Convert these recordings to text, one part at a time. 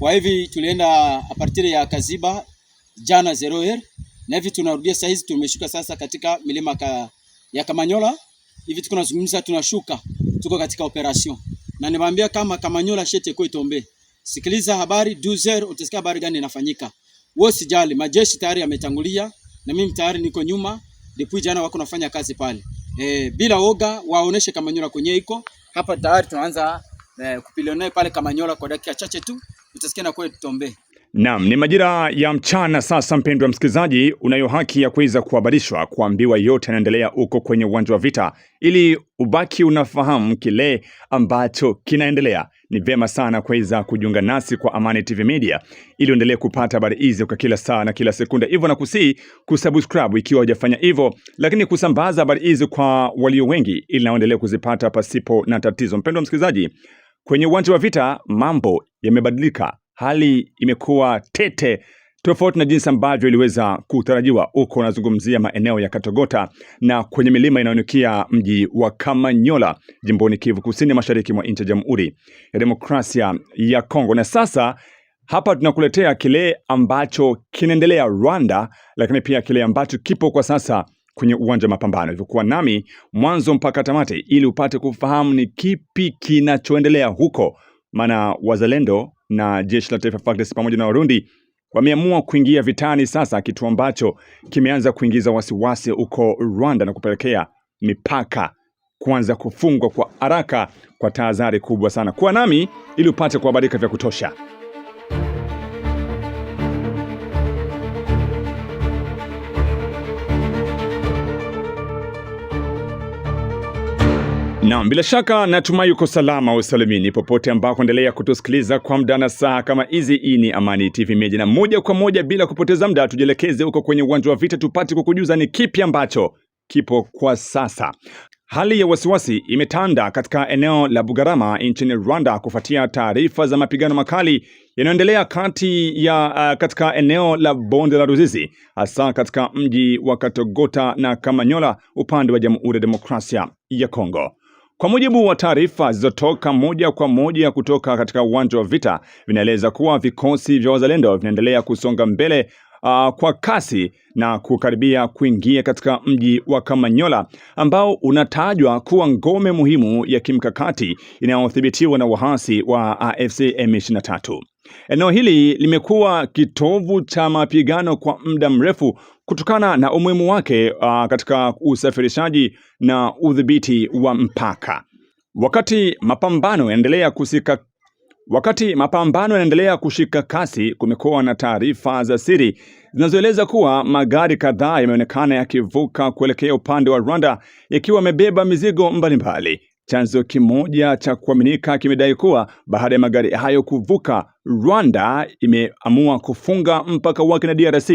Kwa hivi tulienda apartiri ya Kaziba jana zero Zeroer, na hivi tunarudia sasa hizi tumeshuka sasa katika milima ka, ya Kamanyola. Hivi tuko nazungumza tunashuka, tuko katika operation. Na nimwambia kama Kamanyola shete kwa itombe. Sikiliza habari 12 utasikia habari gani inafanyika. Wewe sijali, majeshi tayari yametangulia na mimi tayari niko nyuma. Depuis jana wako nafanya kazi pale. E, bila oga waoneshe Kamanyola kwenye iko. Hapa tayari tunaanza e, kupilionea pale Kamanyola kwa dakika chache tu utasikia na kweli tutombee. Naam, ni majira ya mchana sasa, mpendwa msikilizaji, unayo haki ya kuweza kuhabarishwa, kuambiwa yote yanaendelea huko kwenye uwanja wa vita, ili ubaki unafahamu kile ambacho kinaendelea. Ni vema sana kuweza kujiunga nasi kwa Amani TV Media ili uendelee kupata habari hizi kwa kila saa na kila sekunde. Hivyo nakusii kusubscribe ikiwa hujafanya hivyo, lakini kusambaza habari hizi kwa walio wengi, ili naendelee kuzipata pasipo na tatizo. Mpendwa msikilizaji Kwenye uwanja wa vita mambo yamebadilika, hali imekuwa tete tofauti na jinsi ambavyo iliweza kutarajiwa. Huko unazungumzia maeneo ya Katogota na kwenye milima inayonukia mji wa Kamanyola jimboni Kivu Kusini, mashariki mwa nchi ya Jamhuri ya Demokrasia ya Kongo. Na sasa hapa tunakuletea kile ambacho kinaendelea Rwanda, lakini pia kile ambacho kipo kwa sasa kwenye uwanja wa mapambano, hivyo nami mwanzo mpaka tamate ili upate kufahamu ni kipi kinachoendelea huko, maana wazalendo na jeshi la taifa FARDC pamoja na Warundi wameamua kuingia vitani sasa, kitu ambacho kimeanza kuingiza wasiwasi huko Rwanda na kupelekea mipaka kuanza kufungwa kwa haraka kwa tahadhari kubwa sana. Kuwa nami ili upate kuhabarika vya kutosha. Naam, bila shaka natumai uko salama usalimini popote ambako endelea kutusikiliza kwa muda na saa kama hizi. Hii ni Amani TV Media, na moja kwa moja bila kupoteza muda tujielekeze huko kwenye uwanja wa vita, tupate kukujuza ni kipi ambacho kipo kwa sasa. Hali ya wasiwasi imetanda katika eneo la Bugarama nchini Rwanda kufuatia taarifa za mapigano makali yanayoendelea kati ya uh, katika eneo la bonde la Ruzizi hasa katika mji wa Katogota na Kamanyola upande wa Jamhuri ya Demokrasia ya Kongo. Kwa mujibu wa taarifa zilizotoka moja kwa moja kutoka katika uwanja wa vita, vinaeleza kuwa vikosi vya wazalendo vinaendelea kusonga mbele Uh, kwa kasi na kukaribia kuingia katika mji wa Kamanyola ambao unatajwa kuwa ngome muhimu ya kimkakati inayodhibitiwa na waasi wa AFC M23. Eneo hili limekuwa kitovu cha mapigano kwa muda mrefu kutokana na umuhimu wake uh, katika usafirishaji na udhibiti wa mpaka. Wakati mapambano yanaendelea kusika Wakati mapambano yanaendelea kushika kasi, kumekuwa na taarifa za siri zinazoeleza kuwa magari kadhaa yameonekana yakivuka kuelekea upande wa Rwanda yakiwa yamebeba mizigo mbalimbali. Chanzo kimoja cha kuaminika kimedai kuwa baada ya magari hayo kuvuka, Rwanda imeamua kufunga mpaka wake na DRC,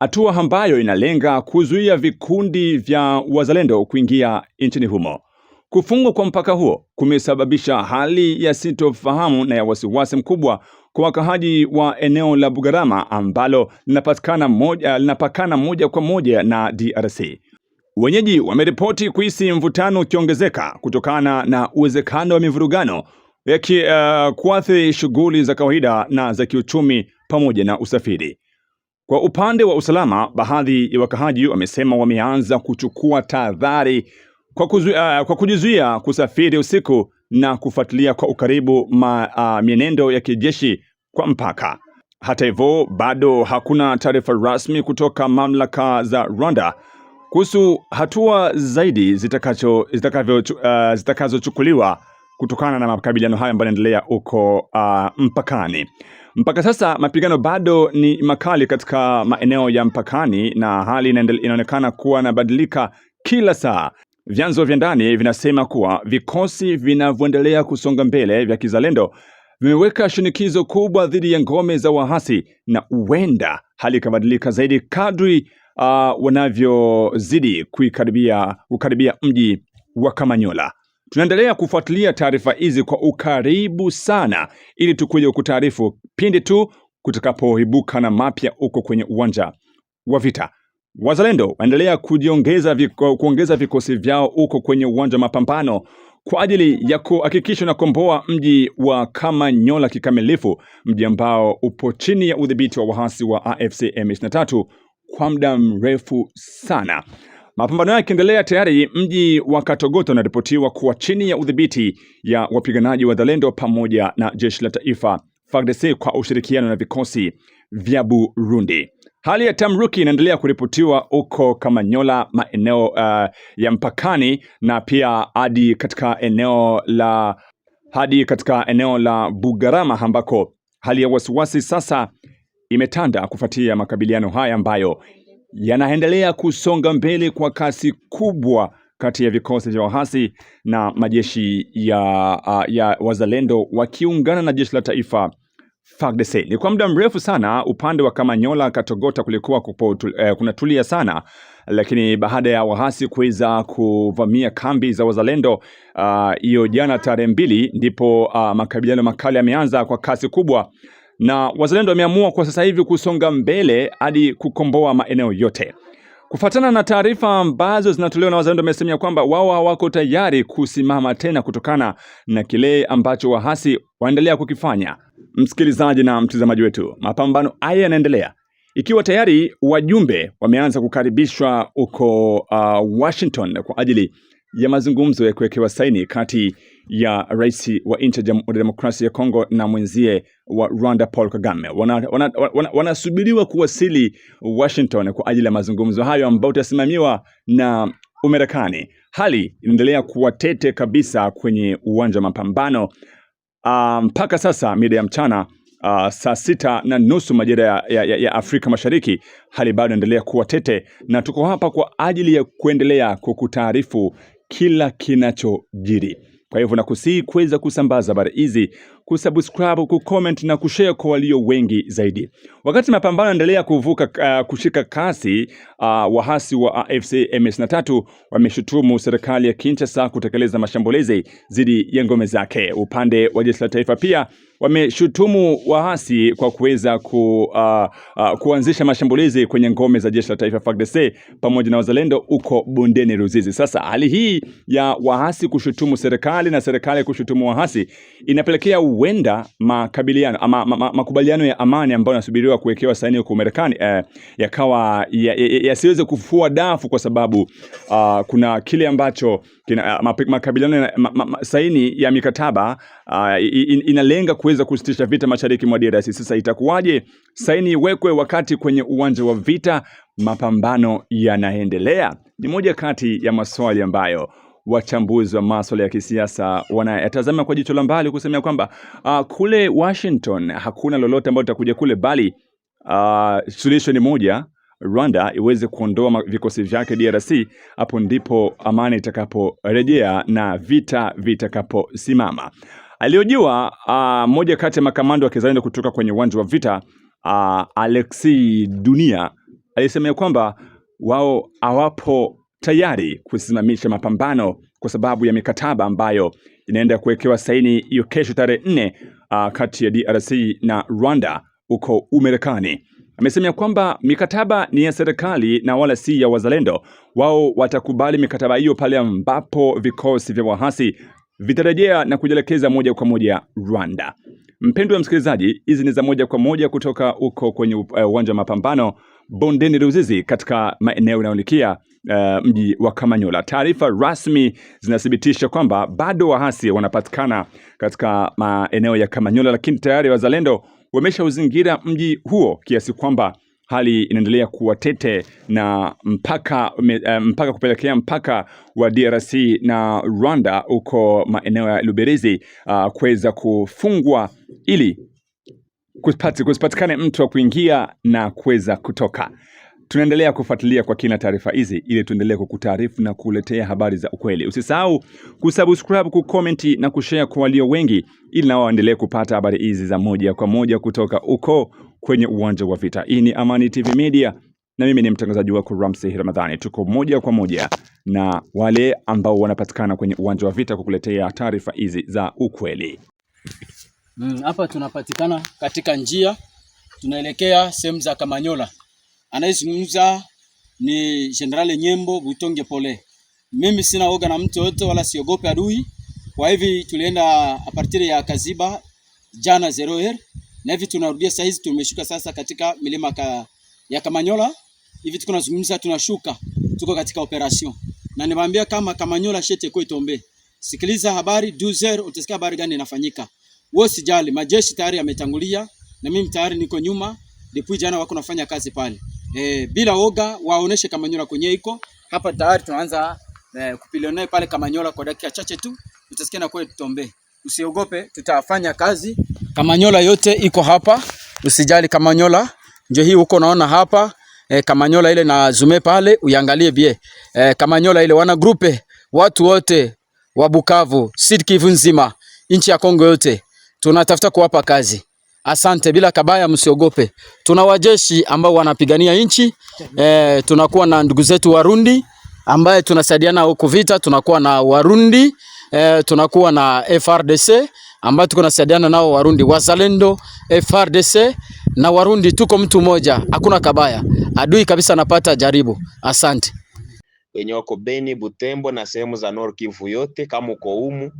hatua ambayo inalenga kuzuia vikundi vya wazalendo kuingia nchini humo. Kufungwa kwa mpaka huo kumesababisha hali ya sintofahamu na ya wasiwasi mkubwa kwa wakahaji wa eneo la Bugarama ambalo linapakana moja, linapakana moja kwa moja na DRC. Wenyeji wameripoti kuhisi mvutano ukiongezeka kutokana na uwezekano wa mivurugano ki, uh, shughuli za kawaida na za kiuchumi pamoja na usafiri. Kwa upande wa usalama, baadhi ya wakahaji wamesema wameanza kuchukua tahadhari kwa, uh, kwa kujizuia kusafiri usiku na kufuatilia kwa ukaribu ma, uh, mienendo ya kijeshi kwa mpaka. Hata hivyo, bado hakuna taarifa rasmi kutoka mamlaka za Rwanda kuhusu hatua zaidi zitakazochukuliwa uh, zitakazochukuliwa kutokana na makabiliano hayo ambayo yanaendelea huko uh, mpakani. Mpaka sasa mapigano bado ni makali katika maeneo ya mpakani na hali inaonekana kuwa inabadilika kila saa. Vyanzo vya ndani vinasema kuwa vikosi vinavyoendelea kusonga mbele vya kizalendo vimeweka shinikizo kubwa dhidi ya ngome za waasi na huenda hali ikabadilika zaidi kadri uh, wanavyozidi kuikaribia kukaribia mji wa Kamanyola. Tunaendelea kufuatilia taarifa hizi kwa ukaribu sana, ili tukuje kutaarifu pindi tu kutakapoibuka na mapya huko kwenye uwanja wa vita. Wazalendo waendelea kujiongeza viko, kuongeza vikosi vyao huko kwenye uwanja wa mapambano kwa ajili ya kuhakikisha na komboa mji wa Kamanyola kikamilifu, mji ambao upo chini ya udhibiti wa waasi wa AFC M23 kwa muda mrefu sana. Mapambano hayo yakiendelea, tayari mji wa Katogota unaripotiwa kuwa chini ya udhibiti ya wapiganaji wa zalendo pamoja na jeshi la taifa FARDC kwa ushirikiano na vikosi vya Burundi. Hali ya tamruki inaendelea kuripotiwa huko Kamanyola, maeneo uh, ya mpakani na pia hadi katika eneo la hadi katika eneo la Bugarama ambako hali ya wasiwasi sasa imetanda kufuatia makabiliano haya ambayo yanaendelea kusonga mbele kwa kasi kubwa kati ya vikosi vya waasi na majeshi ya, ya wazalendo wakiungana na jeshi la taifa FARDC. Ni kwa muda mrefu sana upande wa Kamanyola Katogota kulikuwa kupo, eh, kunatulia sana, lakini baada ya waasi kuweza kuvamia kambi za wazalendo ah, hiyo uh, jana tarehe mbili ndipo uh, makabiliano makali yameanza kwa kasi kubwa na wazalendo wameamua kwa sasa hivi kusonga mbele hadi kukomboa maeneo yote. Kufuatana na taarifa ambazo zinatolewa na wazalendo, wamesemea kwamba wao hawako tayari kusimama tena kutokana na kile ambacho wahasi waendelea kukifanya. Msikilizaji na mtazamaji wetu, mapambano haya yanaendelea ikiwa tayari wajumbe wameanza kukaribishwa huko uh, Washington kwa ajili ya mazungumzo ya kuwekewa saini kati ya rais wa nchi ya Demokrasia ya Kongo na mwenzie wa Rwanda Paul Kagame wanasubiriwa wana, wana, wana kuwasili Washington kwa ajili ya mazungumzo hayo ambayo itasimamiwa na umerekani Hali inaendelea kuwa tete kabisa kwenye uwanja wa mapambano ah, mpaka um, sasa mida ya mchana Uh, saa sita na nusu majira ya, ya, ya Afrika Mashariki, hali bado inaendelea kuwa tete, na tuko hapa kwa ajili ya kuendelea kukutaarifu kila kinachojiri. Kwa hivyo nakusihi kuweza kusambaza habari hizi kusubscribe, kucomment na kushare kwa walio wengi zaidi. Wakati mapambano yanaendelea kuvuka uh, kushika kasi uh, wahasi wa AFC M23 wameshutumu serikali ya Kinshasa kutekeleza mashambulizi dhidi ya ngome zake. Upande wa jeshi la taifa pia wameshutumu waasi kwa kuweza ku, uh, uh, kuanzisha mashambulizi kwenye ngome za jeshi la taifa FARDC pamoja na wazalendo uko bondeni Ruzizi. Sasa hali hii ya waasi kushutumu serikali na serikali kushutumu waasi inapelekea huenda makabiliano ama ma, ma, makubaliano ya amani ambayo yanasubiriwa kuwekewa saini huko Marekani eh, yakawa yasiweze ya, ya kufua dafu kwa sababu uh, kuna kile ambacho kina, uh, makabiliano ma, ma, ma, saini ya mikataba uh, in, inalenga kuweza kusitisha vita mashariki mwa DRC. Sasa itakuwaje saini iwekwe wakati kwenye uwanja wa vita mapambano yanaendelea? Ni moja kati ya maswali ambayo wachambuzi wa masuala ya kisiasa wanayatazama kwa jicho la mbali kusemea kwamba uh, kule Washington hakuna lolote ambalo litakuja kule, bali uh, ah, solution ni moja, Rwanda iweze kuondoa vikosi vyake DRC. Hapo ndipo amani itakaporejea na vita vitakaposimama. Aliojua uh, ah, moja kati ya makamando wa kizalendo kutoka kwenye uwanja wa vita uh, Alexi Dunia alisema kwamba wao hawapo tayari kusimamisha mapambano kwa sababu ya mikataba ambayo inaenda kuwekewa saini hiyo kesho tarehe nne uh, kati ya DRC na Rwanda huko umerekani Amesema kwamba mikataba ni ya serikali na wala si ya wazalendo. Wao watakubali mikataba hiyo pale ambapo vikosi vya wahasi vitarejea na kujielekeza moja kwa moja Rwanda. Mpendwa msikilizaji, hizi ni za moja kwa moja kutoka huko kwenye eh, uwanja uh, wa mapambano bondeni Ruzizi katika maeneo yanayolikia uh, mji wa Kamanyola. Taarifa rasmi zinathibitisha kwamba bado waasi wanapatikana katika maeneo ya Kamanyola, lakini tayari wazalendo wameshauzingira mji huo kiasi kwamba hali inaendelea kuwa tete na mpaka, eh, mpaka kupelekea mpaka wa DRC na Rwanda huko maeneo ya Luberizi uh, kuweza kufungwa ili kusipatikane mtu wa kuingia na kuweza kutoka. Tunaendelea kufuatilia kwa kina taarifa hizi ili tuendelee kukutaarifu na kuletea habari za ukweli. Usisahau kusubscribe, kucomment na kushare kwa walio wengi, ili nao waendelee kupata habari hizi za moja kwa moja kutoka uko kwenye uwanja wa vita. Hii ni Amani TV Media na mimi ni mtangazaji wako Ramsey Ramadhani. Tuko moja kwa moja na wale ambao wanapatikana kwenye uwanja wa vita kukuletea taarifa hizi za ukweli. Mm, hapa hmm, tunapatikana katika njia tunaelekea sehemu za Kamanyola. Anayezungumza ni General Nyembo Butonge Pole. Mimi sina woga na mtu yote, wala siogope adui. Kwa hivi tulienda a partir ya Kaziba jana zero here, na hivi tunarudia sasa. Hizi tumeshuka sasa katika milima ka, ya Kamanyola. Hivi tuko nazungumza, tunashuka tuko katika operation, na nimwambia kama Kamanyola shete kwa itombe. Sikiliza habari 12h utasikia habari gani inafanyika. Wewe sijali, majeshi tayari yametangulia na mimi tayari niko nyuma, depuis jana wako nafanya kazi pale e, bila oga waoneshe Kamanyola kwenye iko hapa tayari. Tunaanza e, eh, kupilionea pale Kamanyola kwa dakika chache tu, utasikia na kweli tutombe. Usiogope, tutafanya kazi. Kamanyola yote iko hapa, usijali. Kamanyola njo hii uko naona hapa e, Kamanyola ile na zume pale uiangalie bie e, Kamanyola ile wana grupe watu wote wa Bukavu, Sud Kivu nzima, nchi ya Kongo yote tunatafuta kuwapa kazi. Asante bila kabaya, msiogope. Tuna wajeshi ambao wanapigania nchi e, tunakuwa na ndugu zetu Warundi ambaye tunasaidiana huko vita, tunakuwa na Warundi e, tunakuwa na FRDC ambayo tuko nasaidiana nao Warundi wazalendo, FRDC na Warundi, tuko mtu mmoja, hakuna kabaya. Adui kabisa anapata jaribu. Asante wenye wako Beni, Butembo na sehemu za Nord Kivu yote, kama uko umu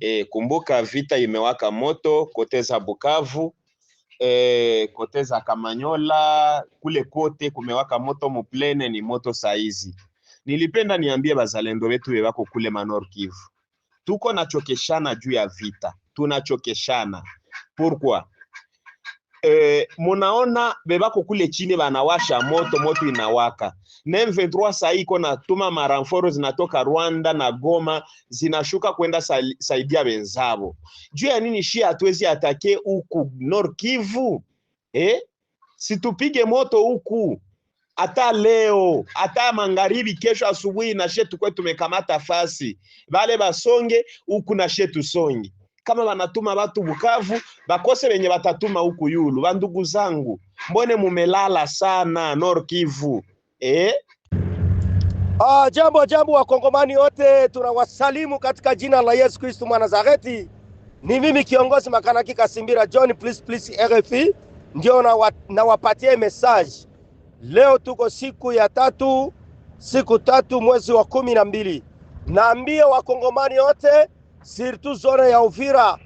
e, kumbuka vita imewaka moto kote za Bukavu e, kote za Kamanyola kule kote kumewaka moto, muplene ni moto saizi. Nilipenda niambie bazalendo wetu wako kule Manor Kivu, tuko nachokeshana juu ya vita, tunachokeshana pourquoi eh, munaona bebako kule chini banawasha moto, moto inawaka na M23 sahii iko natuma maramforo zinatoka Rwanda na Goma zinashuka kwenda saidia benzabo Juu ya nini shia hatuwezi atake huku Nord Kivu eh? Situpige moto huku hata leo hata magharibi, kesho asubuhi na shetu kwetu tumekamata fasi vale basonge huku na shetu songe kama wanatuma watu Bukavu bakose wenye watatuma huku yulu. Bandugu zangu, mbone mumelala sana Nord Kivu eh? Ah, jambo jambo, wakongomani wote tunawasalimu katika jina la Yesu kristu mwa Nazareti. Ni mimi kiongozi Makanaki Kasimbira John, please please RFI ndio nawapatie na message leo. Tuko siku ya tatu, siku tatu mwezi wa kumi na mbili. Naambie wakongomani wote sirtu zone ya Uvira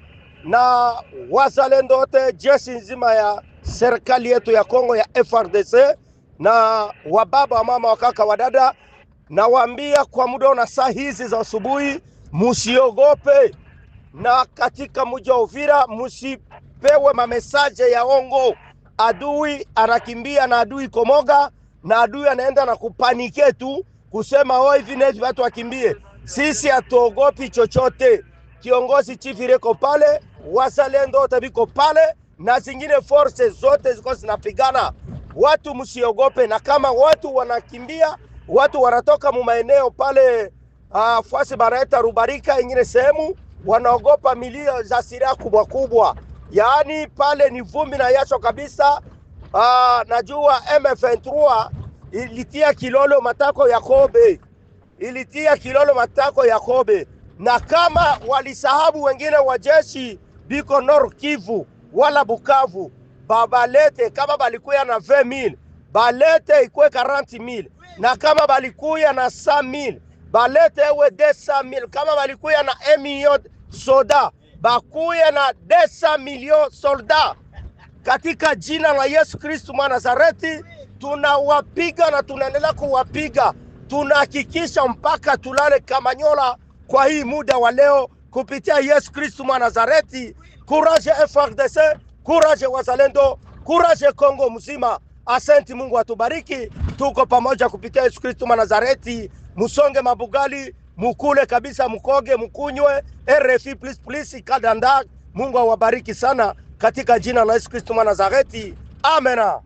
na wazalendo wote, jeshi nzima ya serikali yetu ya Kongo ya FRDC na wababa wa mama wakaka wadada, nawaambia kwa muda na saa hizi za asubuhi, musiogope na katika mji wa Uvira musipewe mamesaje ya ongo. Adui anakimbia na adui komoga na adui anaenda na kupanike tu kusema o hivi na hivi, watu wakimbie. Sisi hatuogopi chochote kiongozi chifu reko pale, wazalendo wote pale na zingine force zote ziko zinapigana. Watu msiogope, na kama watu wanakimbia, watu wanatoka mu maeneo pale uh, fuasi banaeta Rubarika, ingine sehemu wanaogopa milio za silaha kubwa kubwa, yaani pale ni vumbi na yacho kabisa. Uh, najua M23 ilitia kilolo matako ya kobe, ilitia kilolo matako ya kobe na kama walisahabu wengine wa jeshi biko Nord Kivu wala Bukavu, babalete kama balikuya na 20000 balete ikwe 40000 na kama balikuya na 100000 balete ewe 200000 kama balikuya na 1 million soda bakuya na 200 million solda katika jina la Yesu Kristu mwa Nazareti, tunawapiga na tunaendelea kuwapiga, tunahakikisha mpaka tulale Kamanyola kwa hii muda wa leo kupitia Yesu Kristu mwa Nazareti. Kuraje FARDC, kuraje wazalendo, kuraje Kongo mzima. Asante, Mungu atubariki, tuko pamoja kupitia Yesu Kristu mwa Nazareti. Musonge mabugali, mukule kabisa, mukoge, mukunywe. RFI please please, kadanda. Mungu awabariki sana katika jina la Yesu Kristu mwa Nazareti, amena.